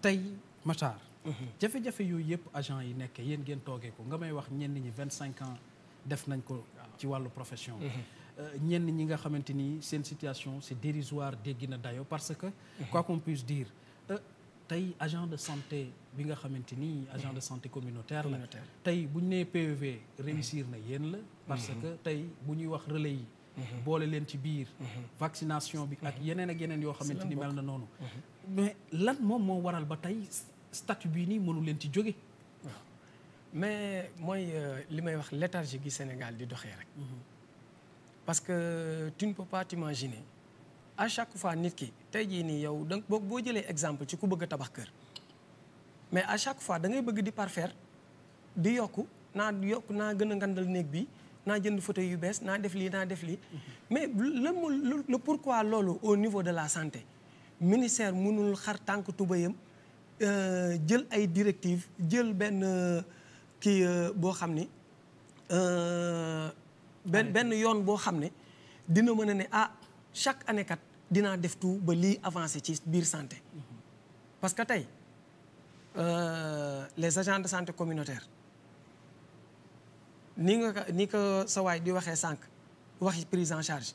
tey Matar. Mhm. jafe-jafe yooyu yëpp agent yi nekkee yéen ngeen toogee ko nga may wax ñenn ñi vingt cinq ans def nañ ko ci wàllu profession. Mhm. Euh, ñenn ñi nga xamante ni seen situation c'est dérisoire dégg na dayo parce que. Mhm. quoi qu'on puisse dire euh, tey agent de santé bi nga xamante ni agent de santé communautaire la. tey bu ñu nee PEV réussir na yéen la. parce que tey bu ñuy wax relais yi. Mm-hmm. boole leen ci biir. Mm-hmm. vaccination bi ak mm-hmm. yeneen ak yeneen yoo xamante ni mel na noonu. mais lan moom moo waral ba tey statut bii nii mënu leen ci jóge. mais mooy euh, li may wax léthargie gi Sénégal di doxee rek. parce que tu ne peux pas à chaque fois nit ki tey jii nii yow donc boo jëlee exemple ci ku bëgg a tabax kër. mais à chaque fois da ngay bëgg di parfaire di yokk naa yokk naa gën a ngandal néeg bi. naa jënd fauteuil yu bees naa def lii naa def lii mais la mu le pourquoi loolu au niveau de la santé ministère mënul xar tànk tubayam euh, jël ay directives jël benn euh, kii euh, boo xam ni benn benn yoon boo xam ne dina mën a ne ah chaque année dinaa def tout ba lii avancé ci biir santé mm-hmm. parce que tey les agents de santé communautaire ni nga ni ko sa waay di waxee sànq waxi prise en charge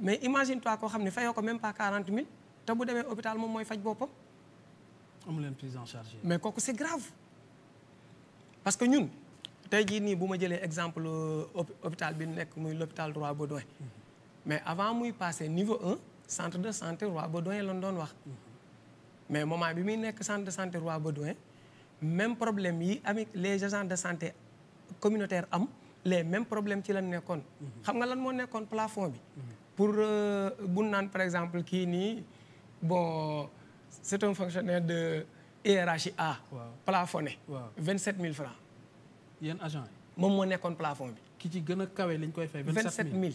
mais imagine toi koo xam ne fayoo ko même pas 40 000 te bu demee hôpital moom mooy faj boppam. amu leen prise en charge. mais kooku c'est grave parce que ñun tey jii nii bu ma jëlee exemple euh, hôpital bi nekk muy l'hôpital Roi Baudouin mm-hmm. mais avant muy passer niveau un centre de santé Roi Baudouin lañ doon wax. Mm-hmm. mais moment bi muy nekk centre de santé Roi Baudouin même problème yi avec les agents de santé. communautaire am les même problème ci lan nekkoon. xam nga lan moo nekkoon plafond bi. pour euh, bu naan par exemple kii nii bon c'est un fonctionnaire de hiérarchie A. waaw plafonné. waaw mille francs. yéen agent yi. moom moo nekkoon plafond bi. ki ci gën a kawe liñ koy fay. 27000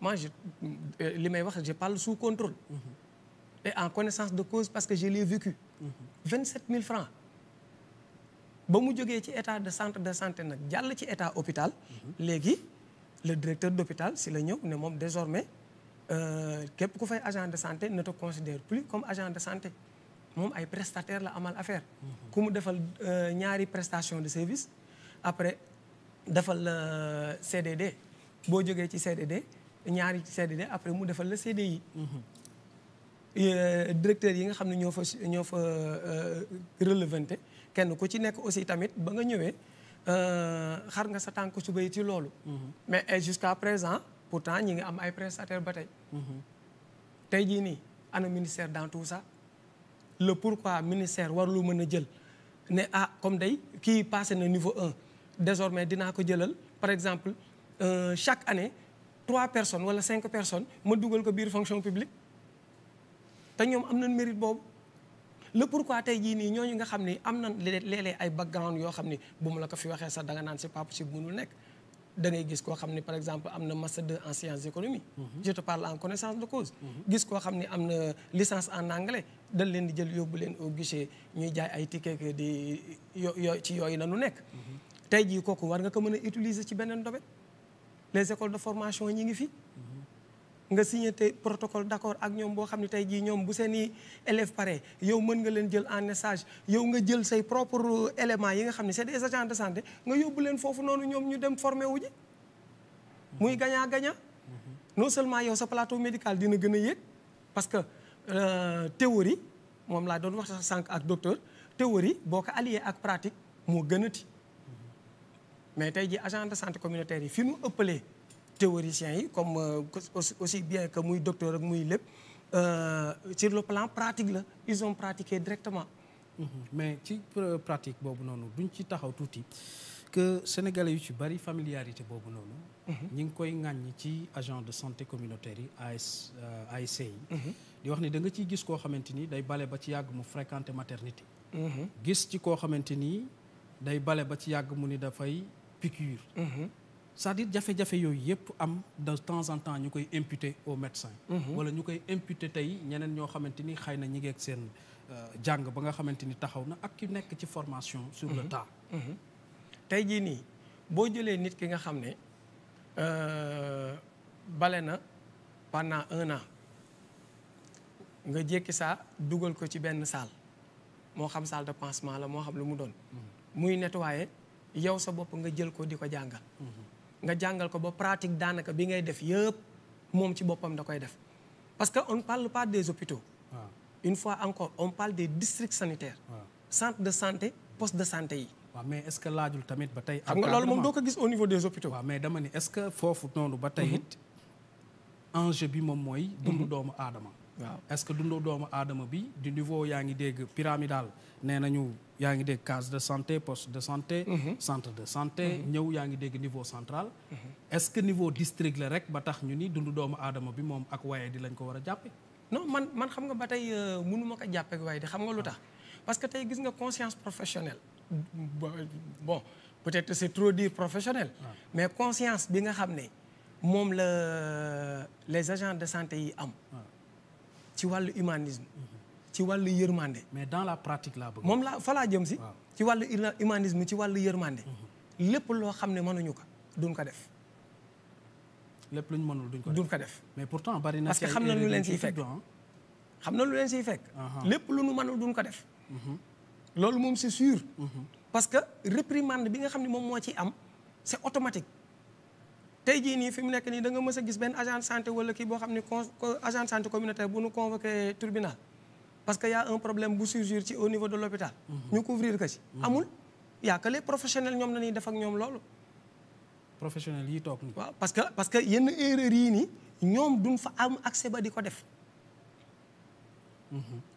moi je euh, li may wax je parle sous contrôle. Mhm. et en connaissance de cause parce que je l'ai vécu. Mhm. mille francs. ba mu jógee ci état de centre de santé nag jàll ci état hôpital mhm. léegi le directeur d'hôpital si la ñëw ne moom désormais euh, képp ku fay agent de santé ne te considère plus comme agent de santé moom ay prestataire la amal affaire mhm. ku mu defal euh, ñaari prestation de service après defal la euh, CDD boo jógee ci CDD ñaari CDD après mu defal la CDI mhm. directeur yi nga xam ne ñoo fa ñoo fa relevanté kenn ku ci nekk aussi tamit ba nga ñëwee euh, xar nga sa tànk suba yi ci loolu. Mm-hmm. mais et jusqu'à présent temps ñi ngi am ay prestataires ba tey. Mm-hmm. tey jii nii ana ministère dans tout sax le pourquoi ministère war lu mën a jël ne ah comme day kii passé na niveau un désormais dinaa ko jëlal par exemple euh, chaque année trois personnes wala cinq personnes ma dugal ko biir fonction publique te ñoom am na mérite boobu. le pourquoi tey jii nii ñooñu nga xam ni am na léeg-léeg ay background yoo xam ni bu mu la ko fi waxee sax danga naan c'est pas possible mënul nekk da ngay gis koo xam ne par exemple am na master en sciences économie mm-hmm. je te parle mm-hmm. gis koo xam ne am na licence en anglais dañ leen di jël yóbbu leen au guichet ñuy jaay ay ticket di yo yoo ci yooyu la ñu nekk mm-hmm. tey jii kooku war nga ko mën a utiliser ci beneen domaine les écoles de formation ñi ngi fi nga signé te protocole d'accord ak ñoom boo xam ne tey jii ñoom bu seen i élèves pare yow mën nga leen jël en message yow nga jël say propre éléments yi nga xam ne c'est des agent de santé nga yóbbu leen foofu noonu ñoom ñu dem formé wu ji muy gañaa gaña mm-hmm. non seulement yow sa plateau médical dina gën a yéeg parce que euh, théorie moom laa doon wax sax sànq ak docteur théorie boo ko allié ak pratique moo gënati mm-hmm. mais tey jii agent de santé communautaire yi fi mu ëppalee théoriciens yi comme euh, aussi bien que muy docteur ak muy lépp euh, sur le plan pratique la ils ont pratiqué directement. Mm-hmm. mais ci pratique boobu noonu duñ ci taxaw tuuti que sénégalais yu ci bari familiarité boobu noonu. Mm-hmm. ñi ngi koy ŋàññi ci agent de santé communautaire yi AS euh, ASC yi. Mm-hmm. di wax ni da nga ciy gis koo xamante ni day bale ba ci yàgg mu fréquenter maternité. gis ci koo xamante ni day bale ba ci yàgg mu ni dafay piqûre. c'est-à-dire jafe-jafe yooyu yëpp am de temps en temps ñu koy imputer au médecin mhm. wala ñu koy imputer tey ñeneen ñoo xamante ni xëy na ñi ngeeg seen euh, jàng ba nga xamante ni taxaw na ak ki nekk ci formation sur le mhm. tas mhm. tey jii nii boo jëlee nit ki nga xam ne euh, bale na pendant un an nga jékki sa dugal ko ci benn salle moo xam salle de pansement la moo xam lu mu doon muy nettoyer yow sa bopp nga jël ko di ko jàngal nga jàngal ko ba pratique daanaka bi ngay def yëpp moom ci boppam da koy def parce que on parle pas des hôpitaux ah. une fois encore on parle des districts sanitaires ah. centre de santé poste de santé yi waaw mais est-ce que laajul tamit ba tey xam nga loolu moom doo ko gis au niveau des hôpitaux waaw mais dama ni est-ce foofu noonu ba tey it mhm. enjeu bi moom mooy dundu mhm. doomu aadama waaw est-ce que dundu doomu aadama bi du niveau yaa ngi dégg pyramidal nee nañu yaa ngi dégg case de santé poste de santé. Mhm. centre de santé. Mhm. ñëw yaa ngi dégg niveau central. Mhm. est-ce que niveau district la rek ba tax ñu ni dundu doomu aadama bi moom ak waaye di lañ ko war a jàppe non man man xam nga ba tey euh, mënuma ko jàppee waaye di xam nga lu tax parce que tey gis nga conscience professionnelle. bon peut-être c'est trop dire professionnel. mais conscience bi nga xam ne moom la euh, les agents de santé yi am. ci wàllu humanisme ci wàll yërmande. mais dans la pratique laa moom laa fa laa jëm si. ci wàllu humanisme ci wàllu yërmande. Mhm. lépp loo xam ne mënuñu ko duñ ko def. lépp luñ mënul duñ ko def ko def. mais pourtant bari na parce que xam na lu leen siy fekk xam na lu leen siy fekk. lépp lu nu mënul duñ ko def. Mhm. loolu moom c'est sûr. Mhm. parce que réprimande bi nga xam ne moom moo ciy am c'est automatique. tey jii nii fi mu nekk nii da nga mës a gis benn agent santé wala kii boo xam ne con agent santé communautaire bu nu convoqué tribunal parce que y' a un problème bu surgir ci au niveau de l'hôpital mhm. ñu couvrir ko ci. Mhm. amul y' a que les professionnels ñoom dañuy def ak ñoom loolu. professionnels yi toog waaw parce que parce que yenn erreurs yii nii ñoom duñ fa am accès ba di ko def. Mhm.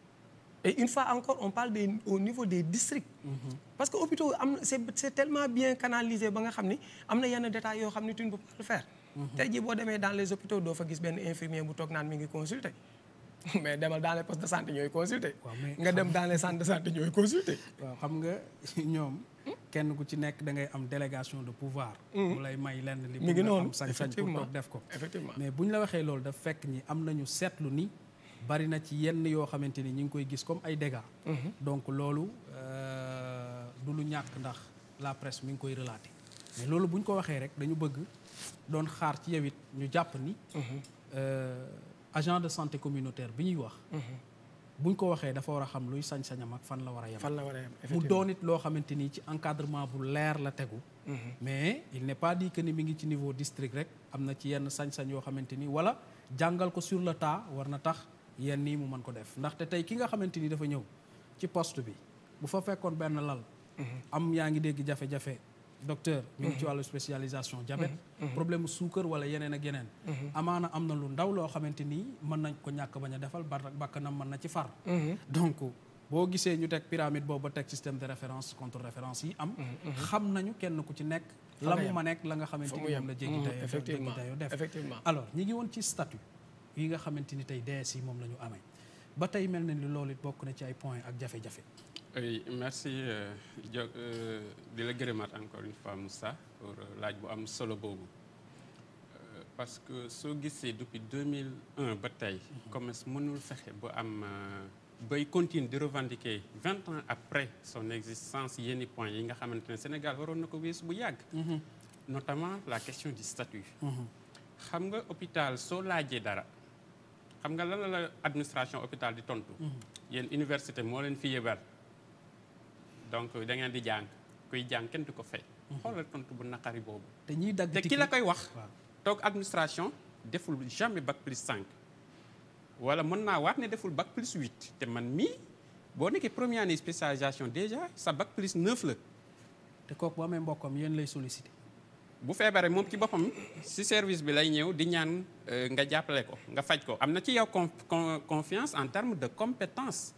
et une fois encore on parle des au niveau des districts. Mm-hmm. parce que hôpitaux am c'est c'est tellement bien canalisé ba nga xam ni am na yenn détails yoo xam ni tu ne peux mm-hmm. tey jii boo demee dans les hôpitaux doo fa gis benn infirmier bu toog naan mi ngi consulter. mais demal dans les postes de santé ñooy consulter. nga dem dans les santé ñooy consulter. waaw xam nga ñoom. Hmm? kenn ku ci nekk da ngay am délégation de pouvoir. Hmm. mu lay may lenn li. mi ngi noonu effectivement loolu daf fekk ñi am nañu ni. bari na ci yenn yoo xamante ni ñu ngi koy gis comme ay dégâts. Mhm. donc loolu euh, du lu ñàkk ndax la presse mi ngi koy relater mais loolu bu ñu ko waxee rek dañu bëgg doon xaar ci yow it ñu jàpp ni. Mhm. Euh, agent de santé communautaire bi ñuy wax. Mhm. buñ ko waxee dafa war a xam luy sañ-sañam ak fan la war a yem. fan la war a yem mu doon loo xamante ni ci encadrement bu leer la tegu. mais il n'est pas dit que ni mi ngi ci niveau district rek am na ci yenn sañ-sañ yoo xamante ni wala jàngal ko sur le tas war na tax. yenn nii mu mën ko def ndaxte tey ki nga xamante ni dafa ñëw ci poste bi bu fa fekkoon benn lal mhm. am yaa ngi dégg jafe-jafe docteur ñu ngi ci mhm. wàllu spécialisation diabète mhm. problème mu suukar wala yeneen ak yeneen amaana am na lu ndaw loo xamante nii mën nañ ko ñàkk bañ a defal ba bakkanam mën na ci far donc boo gisee ñu teg pyramide boobu ba teg système de référence contre référence yi am xam nañu kenn ku ci nekk la mu ma nekk la nga xamante ni moom la jéggi tayoo def alors ñi ngi woon ci statut yi nga xamante ni tey DES yi moom la ñu amee ba tey mel na ni loolu bokk na ci ay point ak jafe-jafe. merci euh, jo euh, di la gërëmaat encore une fois Moussa pour euh, laaj bu am solo boobu parce que soo gisee depuis 2001 ba tey. Mhm. commerce mënul fexe ba am. bay continue di revendiquer vingt ans après son existence yenn point yi nga xamante ne Sénégal waroon na ko weesu bu yàgg mhm. notamment la question du statut mhm. xam nga hôpital soo laajee dara xam nga lan la administration hôpital di tontu. Mhm. yéen université moo leen fi yebal donc da ngeen di jàng kuy jàng kenn du ko fay. Mhm. xoolal tontu bu naqari boobu. te ñiy dagg te ki la koy wax. toog administration deful jamais bac plus 5. wala mën naa waat ne deful bac plus 8 te man mii boo nekkee première année spécialisation déjà sa bac plus 9 la. te kook boo amee mbokkam yéen lay sollicité. bu feebaree moom ci boppam si service bi lay ñëw di ñaan euh, nga jàppale ko nga faj ko am na ci yow confiance en terme de compétence